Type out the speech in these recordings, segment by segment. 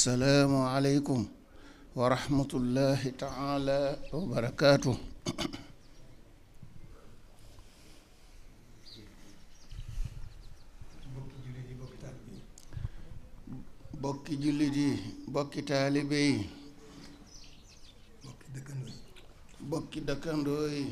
assalaamu aleykum wa rahmatullahi taala wa barakaatu bokki jullit yi bokki taalibe yi bokki dëkkandoo yi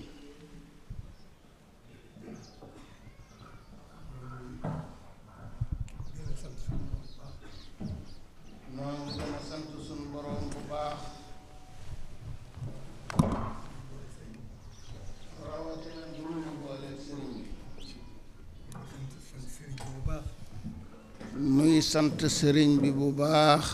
sant sering bi bu baax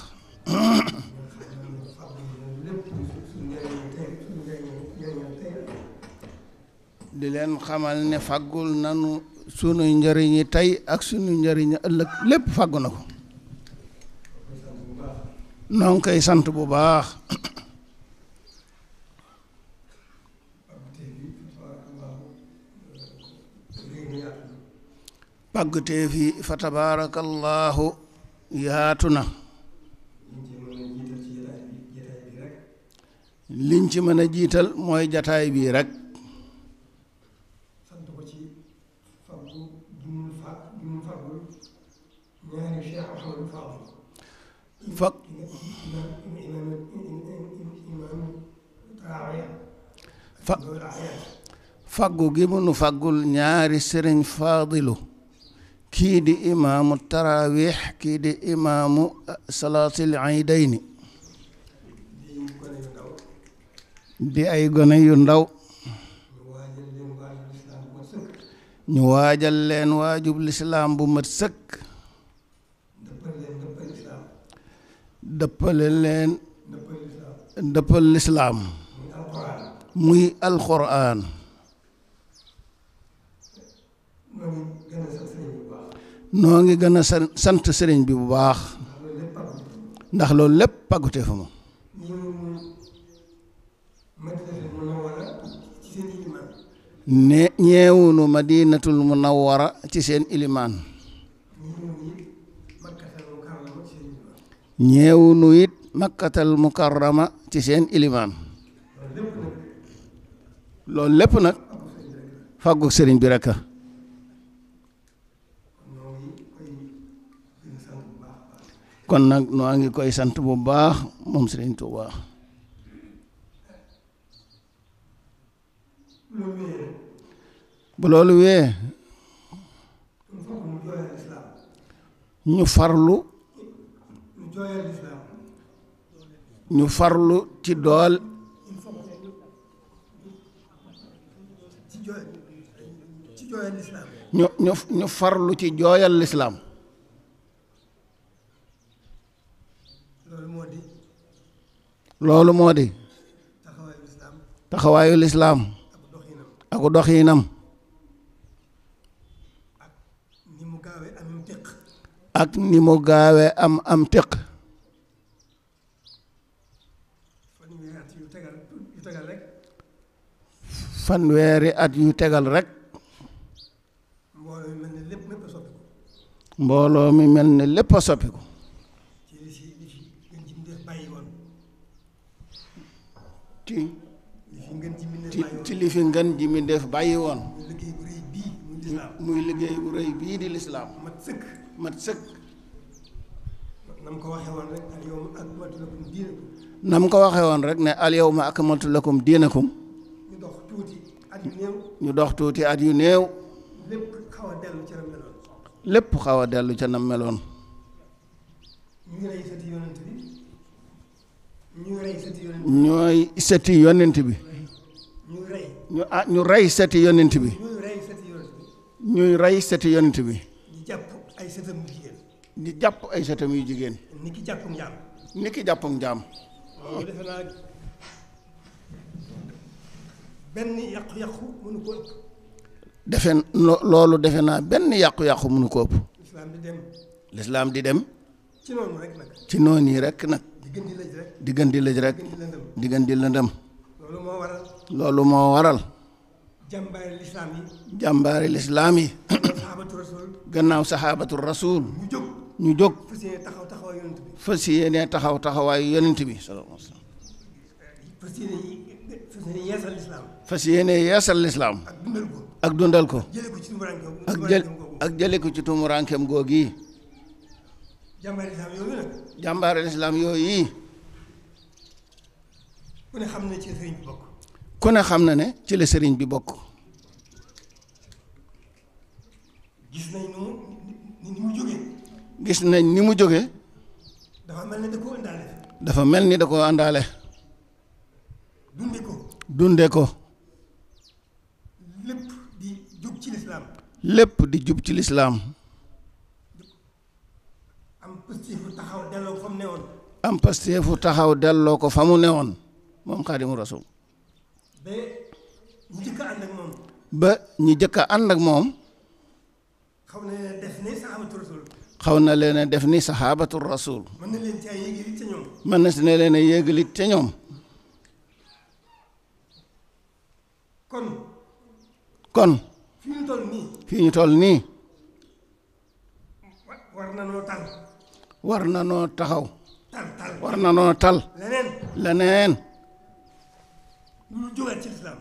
di len xamal ne fagul nanu sunu njariñi tay ak sunu njëriñi ëllëg lepp faggu na ko noo sant bu baax yaatu na liñ ci mën a jiital mooy jataay bii rek fag faggu gi mu nu faggul ñaari sëriñ faadilu kii di imaamu taraawix kii di imaamu eh, salaatil iidayni di ay gone yu ndaw ñu waajal leen waajub lislaam bu mat sëkk dëppale leen dëppal lislaam muy alxuraan noo ngi gën a sant sëriñ bi bu baax ndax loolu lépp pàggutee fa moom ne ñeewunu madinatul munawwara ci seen ilimaan ñeewunu it makkatal mukarrama ci seen ilimaan loolu lépp nag fàggu sëriñ bi rekk kon nag noo ngi koy sant bu baax moom Sëriñ Tuubaa bu loolu wee ñu farlu ñu farlu ci dool ñu ñu farlu ci jooyal lislaam loolu moo di taxawaayu lislaam ak doxiinam ak ni mu gaawee am am téq fanweeri at yu tegal rek mbooloo mi mel ni lépp a soppiku ti ti li fi ngeen ji mi def bàyyi woon muy liggéey bu rëy bii di lislaam mat sëkk ko waxee woon rek ko waxee woon rek ne alyawma akmaltu lakum diinakum ñu dox tuuti at yu néew ñu dox tuuti at yu néew lépp xaw a dellu ca na meloon ñooy seti yonent bi ñu ah ñu rey seti yonent bi ñuy rey seti yonent bi ñu jàpp ay setam yu jigéen ñu jàpp ay setam yu jigéen ni ki jàppum njaam ni ki jàppum njaam defe loolu defe naa benn yàqu-yàqu mënu ko ëpp lislaam di dem lislaam di dem ci noonu rek nag ci noonu yi rek nag digëndi lëj rek digëndi lëj rek lolu mo waral lolu mo waral jambar l'islam yi jambar l'islam yi sahabatu rasul gannaaw sahabatu rasul ñu jog ñu jog fasiyene taxaw taxaw yonent bi fasiyene taxaw taxaw ay yonent bi sallallahu alayhi wasallam fasiyene fasiyene yasal l'islam fasiyene yasal l'islam ak dundal ko ak dundal ko ci tumurankem gogi jàmbaari lislaam yooyu nag. jàmbaari lislaam yooyu. ku xam na ne ku ne xam na ne ci la sëriñ bi bokk. gis nañ ni mu jógee. gis nañ ni mu jóge dafa mel ni da dafa mel ni da koo àndaale. dunde ko. dunde ko. lépp di jub ci lislaam. lépp di jub ci lislaam. pasteefu taxaw delloo ko fa mu newoon. am pasteefu taxaw delloo ko fa mu newoon moom xaadimu rasul. ba ñi jëkk a ànd ak moom. ba ñi jëkk a ànd ak xaw na leen def ni saxaabatu rasul. xaw na leen def ni saxaabatu rasul. mën na leen caa yéegalit ca ñoom. mën na si ne leen a yéegalit ca ñoom. kon. kon. fii ñu toll nii. war na noo tal. war na noo taxaw war na noo tal leneen lu jógaat ci lislaam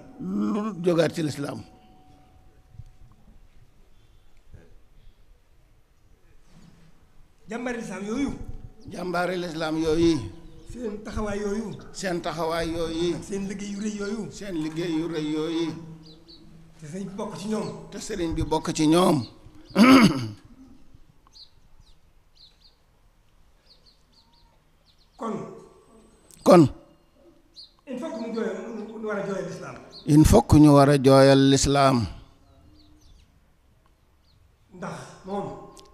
lu jógaat ci lislaam jàmbaari lislaam yooyu jàmbaari lislaam yooyu seen taxawaay yooyu seen taxawaay yooyu seen liggéey yu rëy yooyu seen liggéey yu rëy yooyu te sëriñ bokk ci ñoom te sëriñ bi bokk ci ñoom kon kon il faut que ñu wara joyal l'islam il faut que ñu war a jooyal ndax mom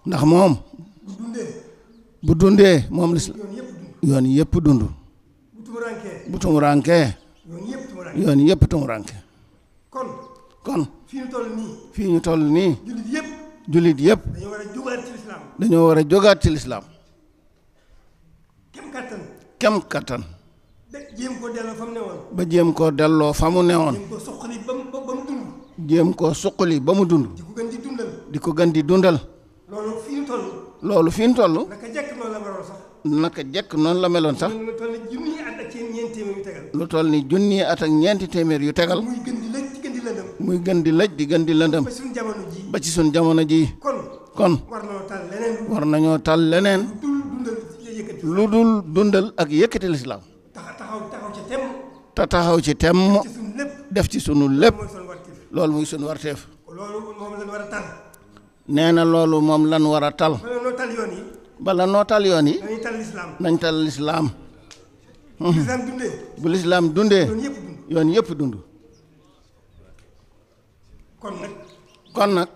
ndax mom bu dundé bu dundé mom l'islam yoon yépp dundu bu tumurankee bu yoon yépp ranké kon kon fi ñu toll ni fi ñu toll ni julit yépp julit yépp dañu wara a ci l'islam dañu wara a ci l'islam kem katan. ko neon. ba jéem ko delloo famu neewon newoon ko suqali bamu dund dundal di dundal loolu fi ñu fi naka jek non la meloon sax naka jek non la meloon sax lu toll ni junni at ak ñenti téeméer yu tegal ni muy gandi lecc di gandi lendam ba ci sun jamono ji kon kon war nyotal tal leneen war Ludul dundal ak yëkkati l'islam te taxaw ci temm def ci sunu lepp loolu moy sunu warteef nee na lan war a tal bala noo tal yoon yi nañ tal l'islam bu l'islam dundé yoon yëpp dundu kon nak kon nak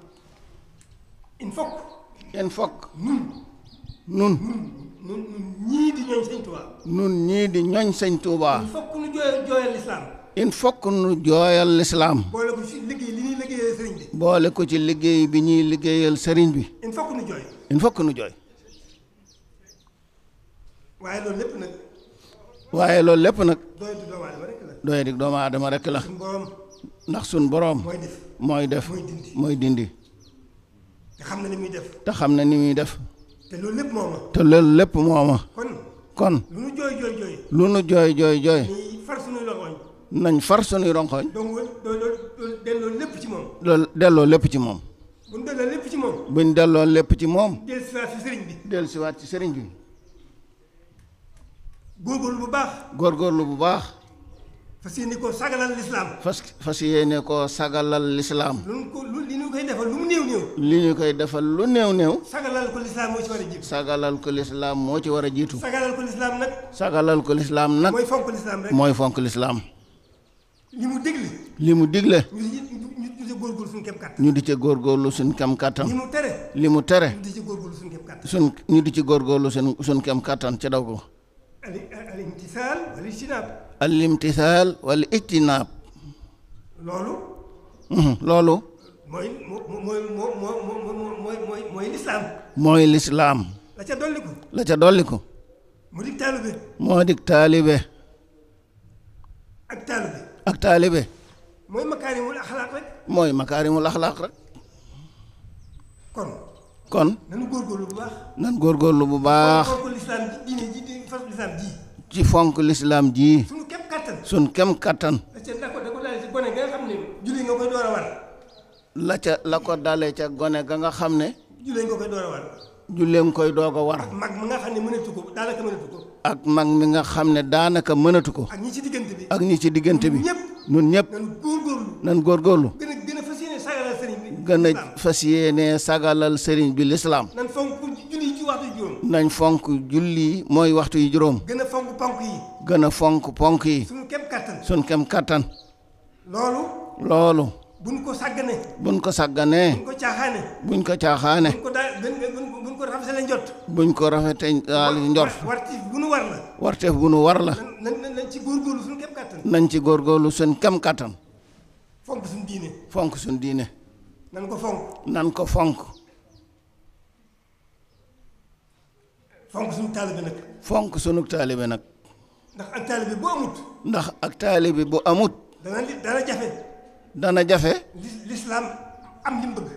in fok nun nun nun ñii di ñooñ sëñ Touba. nun ñii nu jooyal jooyal boole ko ci liggéey bi. ñuy liggéeyal sëriñ bi. il faut nu jooy. il waaye loolu lépp nag. waaye doomu aadama rek la. ndax suñ boroom. mooy def mooy dindi. xam na ni muy te xam na ni muy def. te loolu lépp moo lépp moo ma. kon kon. lu nu jooy jooy jooy. lu nañ far sunuy rongoñ. nañ far sunuy rongoñ. donc delloo lépp ci moom. delloo lépp ci moom. bu ñu delloo lépp ci moom. bu ñu delloo lépp ci moom. dellusiwaat ci sëriñ bi. dellusiwaat ci sëriñ bi. góorgóorlu bu bu baax. fas yéene koo sagalal lislaam. fas fas yéene koo sagalal lislaam. lu ko li ñu koy mu néew néew. li ñu koy defal lu néew néew. sagalal ko lislaam moo ci war a jiitu. sagalal ko lislaam nag. sagalal ko lislaam nag. mooy fonk lislaam li mu digle. li mu digle. ñu di ca góorgóorlu suñ kam li mu tere. li di ci góorgóorlu suñ kam kàttan. suñ ñu di ci ca daw ko. alimtisaal wala ijtinaab loolu loolu mooy mooy mooy lislaam mooy lislaam la ca dolliku la ca dolliku moo dig taalibe moo mooy makaarimul axlaaq rek mooy makaarimul axlaaq rek kon kon nanu góorgóorlu bu baax nan góorgóorlu bu baax fonk fonk lislaam ji sun kem kattan. la ca la ko dalee ca gone ga nga xam ne. jullee nga koy door war. doog a war. ak mag mi nga xam ne daanaka mënatu ko. ak ñi ci diggante bi. ak ñi ñëpp ñun ñëpp. nan góorgóorlu. gën a gën fas yéene sagalal sëriñ bi. lislaam. nañ fonk julli mooy waxtu yi juróom. gën a fonk ponk yi. gën a fonk ponk yi. suñ kem kattan. suñ buñ ko sàgganee. ko sàgganee. buñ ko caaxaane. ko caaxaane. buñ ko bu nu war la. nañ ci góorgóorlu suñ kem kattan. fonk suñ diine. fonk suñ diine. nan ko fonk. nan ko fonk. fonk sunu taalibe nag. fonk sunu taalibe nag. ndax ak taalibe bu amut. ndax ak taalibe bu amut. dana dana jafe. dana jafe. lislaam am lim bëgg.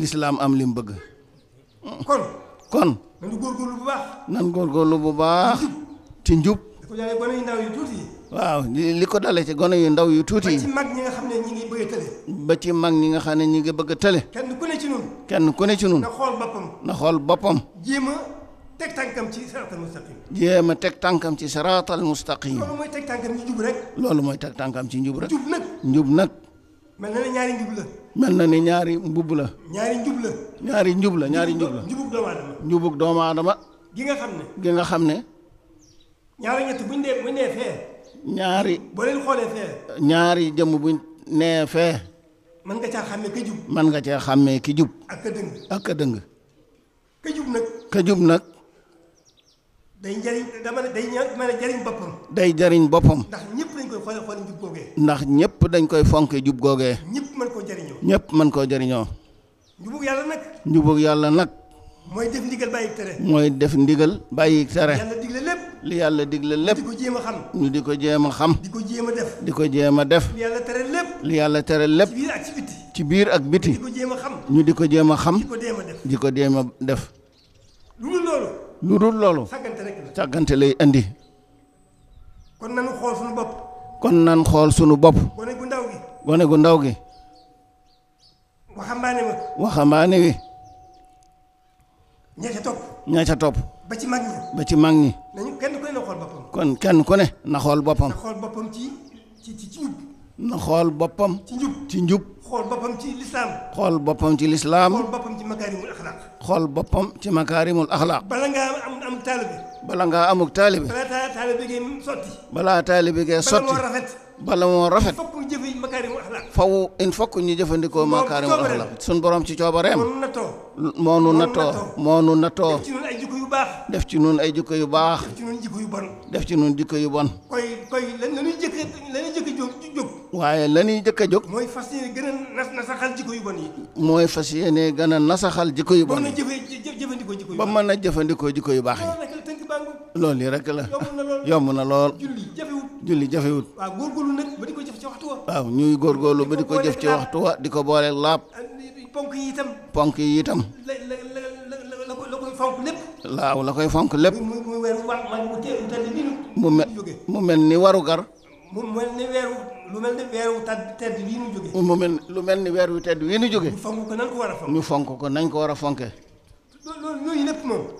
lislaam am lim bëgg. kon. kon. nañu góorgóorlu bu baax. nan góorgóorlu bu baax. ci njub. li ko dalee gone yu ndaw yu tuuti yi. waaw li ko dalee ci gone yu ndaw yu tuuti yi. ba ci mag ñi nga xam ne ñi ngi bëgg a tële. kenn ku ne ci nun kenn ku ne ci nun na xool boppam. na xool boppam. teg tànkam ci siraatal mustaqim. jéem a teg tànkam ci siraatal mustaqim. loolu mooy teg tànkam ci jub rek. loolu mooy teg tànkam ci njub rek. njub nag njub na ne ñaari mbubb la. ñaari njub la. ñaari njub la doomu aadama. nga xam ne. ñaari ñaari. boo buñ nee mën nga caa jub. nga caa xàmmee ki jub. nag. jub nag. day jariñ dama ne day jariñ boppam. day jariñ boppam. ndax ñëpp dañ koy ndax ñëpp dañ koy fonke jub googee. ñëpp mën koo jariñoo. ñëpp mën koo jariñoo. njubug yàlla nag. njubug yàlla nag. mooy def ndigal bàyyi tere. mooy def ndigal bàyyi tere. lépp. li yàlla digle lépp. di a xam. ko jéem a xam. di ko jéem a def. di ko jéem a def. li tere lépp. li yàlla tere lépp. ci biir ak ci di ko jéem a xam. ñu di ko jéem a xam. di ko jéem a def. lu dul loolu. sàggante rek la sàggante lay indi. kon nan xool sunu bopp. kon nan xool sunu bopp. gone gu ndaw gi. gone gu ndaw gi. waxambaane wi. waxambaane wi. ña ca topp. ña ca topp. ba ci mag ñi. ba ci mag ñi. nañu kenn ku ne na xool boppam. kon kenn ku ne na xool boppam. na xool boppam ci ci ci njub. na xool boppam. ci njub ci njub. xool boppam ci lislaam xool boppam ci lislaam xool boppam ci makaarimul axlaaq xool boppam ci makaarimul axlaaq bala ngaa am am taalibe bala ngaa amuk taalibe balaa taalibe gee sotti bala moo rafet bala moo rafet fokk ñu jëfe makaarimul axlaaq in fokk ñu jëfandikoo makaarimul axlaaq suñ borom ci coobareem moonu nattoo moonu nattoo nattoo def ci nun ay jikko yu baax def ci nun ay jikko yu bon def ci nun jikko yu bon waaye la jëkk a jóg. mooy fas yéene gën a nasaxal jikko yu bon yi. mooy ba mën a jëfandikoo jikko yu baax yi. loolu yi rek la yomb na lool. julli jafewut. waaw góorgóorlu nag ba di ko jëf ci waxtu ba di ko jëf ci waxtu di ko boole laab. ponk yi itam. ponk yi itam. la koy fonk lépp. waaw la koy fonk lépp. mu mu mu mel ni warugar. mu lu mel ni weer wu tedd wii nu jóge mu mel lu mel ni weer wu tedd wii nu jóge ñu fonk ko nañ ko war a ñu fonk ko nañ ko war a fonke loolu yooyu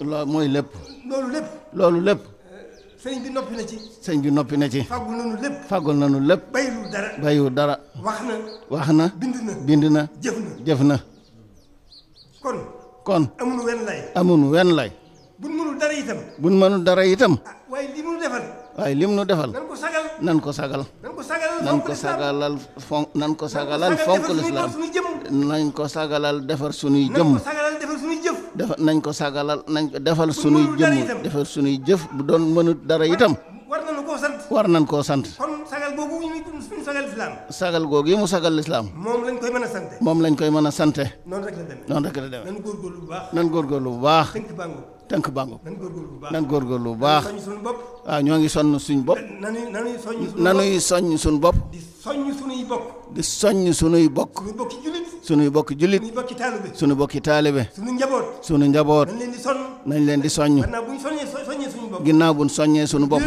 loolu mooy lépp loolu lépp loolu lépp eh, sëñ bi noppi na ci sëñ bi noppi na ci fàggul nañu lépp fàggul nañu lépp bayiwul dara bayiwul dara wax na wax na bind na bind na jëf na jëf na kon kon amunu wenn lay amunu wenn lay buñ mënul dara itam buñ mënul dara itam ah, waaye lii mënu defal waaye lim nu defal nan ko sagal nan ko sagalal sagal nan ko sagalal fonk lislam nan ko sagalal defar sunuy jëm nan ko sagalal nan ko defal sunuy jëm defal sunuy jëf bu doon mënut dara itam war nan ko sant sant sagal gogi mu sagal lislam mom lañ koy mën sante mom lañ koy mën sante non rek la demee non rek la demee nan gor lu bax nan gor gor lu bax tënk bàngo nan góorgóorlu bu baax waaw ah, ñoo ngi sonn suñ bopp nanuy soññ suñ bopp di soññ sunuy bokk di soññ sunuy bokk sunuy bokk jullit sunu bokki taalibe sunu njaboot nañ leen di soññ ginnaaw soññee suñu bopp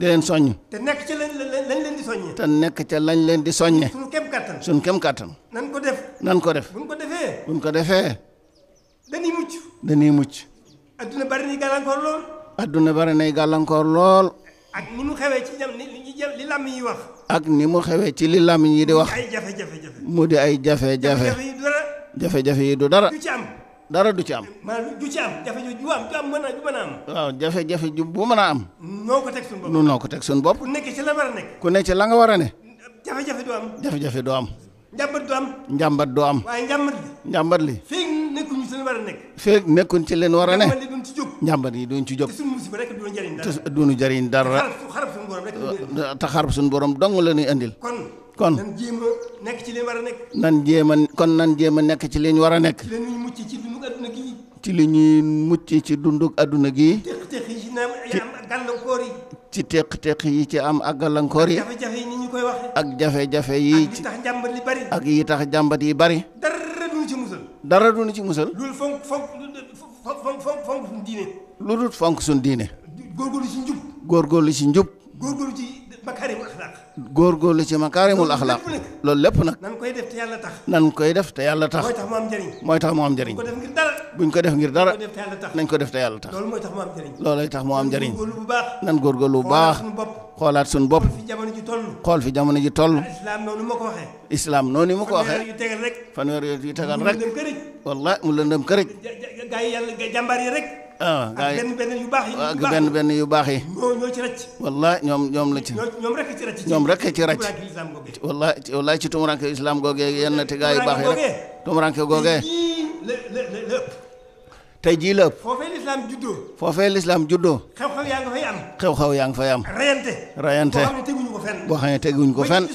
di leen soññ te nekk ca lañ leen di soññee te nekk ca lañ leen di soññee suñu kem kàttan suñu nan ko def nan ko def buñ ko defee buñ ko defee dañuy mucc dañuy mucc adduna bari nay gàllankoor lool. ak ni mu xewee ci jam li làmm yi di wax. ay mu di ay jafe-jafe. jafe yi du dara. jafe dara. du ci am. jafe-jafe ju am mën a am. waaw jafe-jafe ju bu mën a am. noo ko teg suñu bopp. noo ko ku nekk ci la nga war a ne. jafe-jafe du am. jafe-jafe du am. njàmbat du am. njàmbat du am. waaye njàmbat li. njàmbat li. nekkuñu ci leen war a nekk. fekk nekkuñ ci leen war a ne. njàmbat yi duñ ci jóg. te duñu jëriñ dara. te xarab suñu borom dong la ñuy andil. kon nan jéem a nekk ci li ñu war a nekk. nan jéem a kon nan jéem a nekk ci li ñu war a nekk. ci li ñuy mucc ci dundug adduna gii. ci li ñuy mucc ci dundug adduna gii. teq-teq yi ci naam ay am ak gàllankoor yi. ci teq-teq yi ci am ak gàllankoor yi. ak jafe-jafe yi ni ñu koy waxee. ak jafe-jafe yi. ak yi tax jàmbat yi bari. ak yi tax jàmbat yi bari. dara dara du nu ci musal. lu dul fonk fonk fonk fonk fonk suñu lu dul fonk suñu diine. góorgóorlu ci njub. góorgóorlu ci njub. góorgóorlu ci makaarimul axlaaq. góorgóorlu ci makaarimul axlaaq. loolu lépp nag. nan koy def te yàlla tax. koy def te yàlla tax. mooy tax mu am njëriñ. mooy tax mu am njëriñ. buñ ko def ngir dara nañ ko def te yàlla tax loolay tax moo am njëriñ nan góorgóorlu bu baax xoolaat suñu bopp xool fi jamono ji toll islaam noonu mu ko waxee fanweer yu tegal rek wallaay ah, ak benn benn yu baax yi. ñoo ci ñoom ñoom la ci. ñoom rek ci rëcc. ci rëcc. wallaahi wallaahi ci tumuranke islam googee yenn te gars yu baax yi rek. tumuranke googee. Le le lepp jii la ëpp fofé l'islam judo. foofee lislaam juddoo xew-xew yang fay am xew-xew yang fay am rayante rayante bo xam ne teguñ ko fenn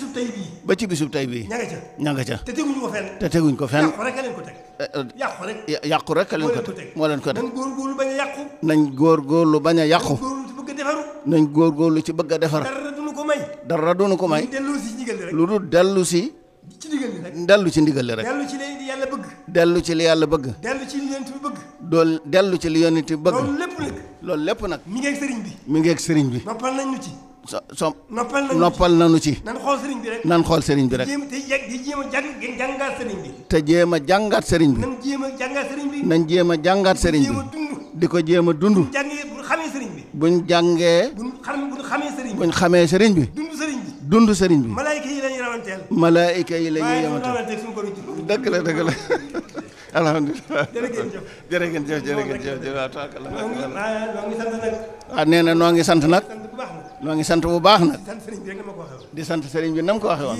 ba ci bisub tay bi ñanga ca ñanga ca te teguñ ko fenn te teguñ ko fenn yàqu rek leen ko teg eh, eh, yàqu rek ya-, yàqu rek leen ko tek mo leen ko tek nañ gor lu baña yaqku nañ góorgóorlu bañ a yàqu nañ góorgóorlu ci bëgg defar dara duñu ko may dara duñu ko may lu dul ci ndigal rek dellu ci ndigal rek dellu ci dellu ci li yàlla bëgg. dellu ci li yonent bi bëgg. dellu ci li yonent bi loolu lépp nag. loolu lépp nag. ngi ak sëriñ bi. mi ngi ak noppal nañu ci. so xool sëriñ bi rek. jéem a jàngaat sëriñ nañ jéem a jàngaat sëriñ bi. di ko jéem a dund. buñ jàngee buñ xamee sëriñ bi. buñ dund sëriñ bi. dund sëriñ bi. malaayika yi la ñuy rawanteel. la ñuy la. alhamdulilah jërë ngeen jëf jërë ngeen jëf jërë waaw ah, nee na noo ngi sant nag noo ngi sant bu baax nag di sant sëriñ bi nam ko waxe woon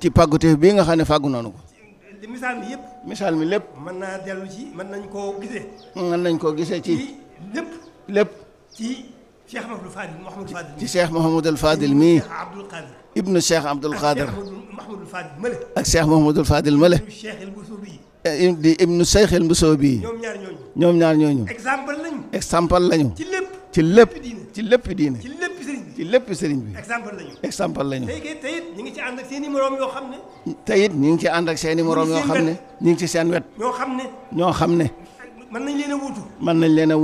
ci pàggute bii nga xam ne fàggu noonu ko misaal mi yëpp misaal mi lépp mën naa dellu ci mën nañ koo gisee mën nañ koo gisee ci lépp lépp ci Cheikh Mouhamadou Fadil ci Cheikh Mouhamadou Fadil mii ibnu Cheikh Abdoul Khadir Fadil Mële. ak Cheikh Mouhamadul Fadil Mële. Eh, di ibnu Cheikh El Mboussoubi. ñoom ñaar ñooñu. ñoom ñaar ñooñu. exemple lañu. exemple lañu. ci lépp. ci lépp ci lépp diine. ci lépp sëriñ bi ci lañu. teyit ñu ngi ci ànd ak seen i moroom yoo xam ne. teyit ñu ngi ci ànd ak seen i xam ne. ñu ngi ci seen wet. ñoo xam ne. ñoo xam ne. mën nañ leen a wóotu. mën nañ ñoo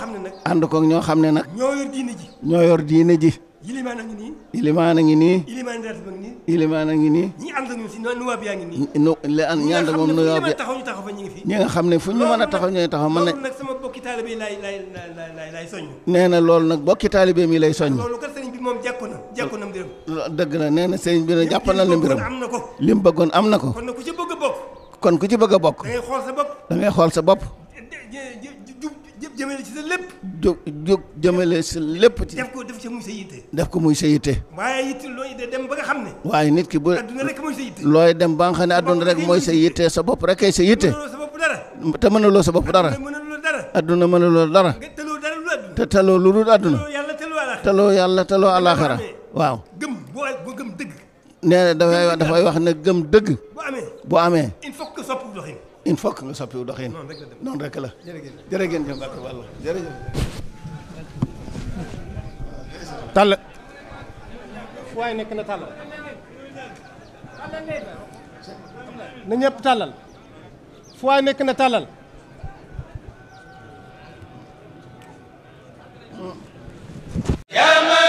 xam ne nag. ànd koog ñoo xam ne nag. ñoo diine ji. ilimaan a ngi nii. ilimaan ngi nii. ilimaan a ngi nii. ilimaan a ngi nii. ñi ànd ñun si nu ñi ànd ak moom nuwaab ya ñi nga xam ne fu ñu mën a taxaw ñu ngi taxaw mën na. loolu nag sama bokki taalibe yi lay lay lay soññ. nee na loolu nag bokki taalibe mi lay soññ. loolu kat sëriñ bi moom jàpp na jàpp na mbiram. dëgg la nee na bi nag jàpp na la mbiram. li mu bëggoon am na ko. kon ku ci bëgg bokk. kon ku ci bëgg a bokk. da xool sa bopp. da ngay xool sa bopp. jëmale sa lépp. jóg jóg def ko def muy sa yitte. ko muy sa yitte. waaye nit ki bu. looy dem ba nga xam ne adduna rek mooy sa yitte sa bopp rek kay sa yitte. te mënuloo sa bopp dara. adduna mënuloo dara. te taloo lu dul adduna. taloo yàlla taloo alaxara waaw. gëm boo gëm dëgg. nee na dafay dafay wax ne gëm dëgg. bu amee il faut que nga soppiwu doxin noonu rek la jërëgéen jëf Mbàkke Balla jërëjëf tàll waaye nekk na tàllal na ñëpp tàllal fu waay nekk na tàllal yaa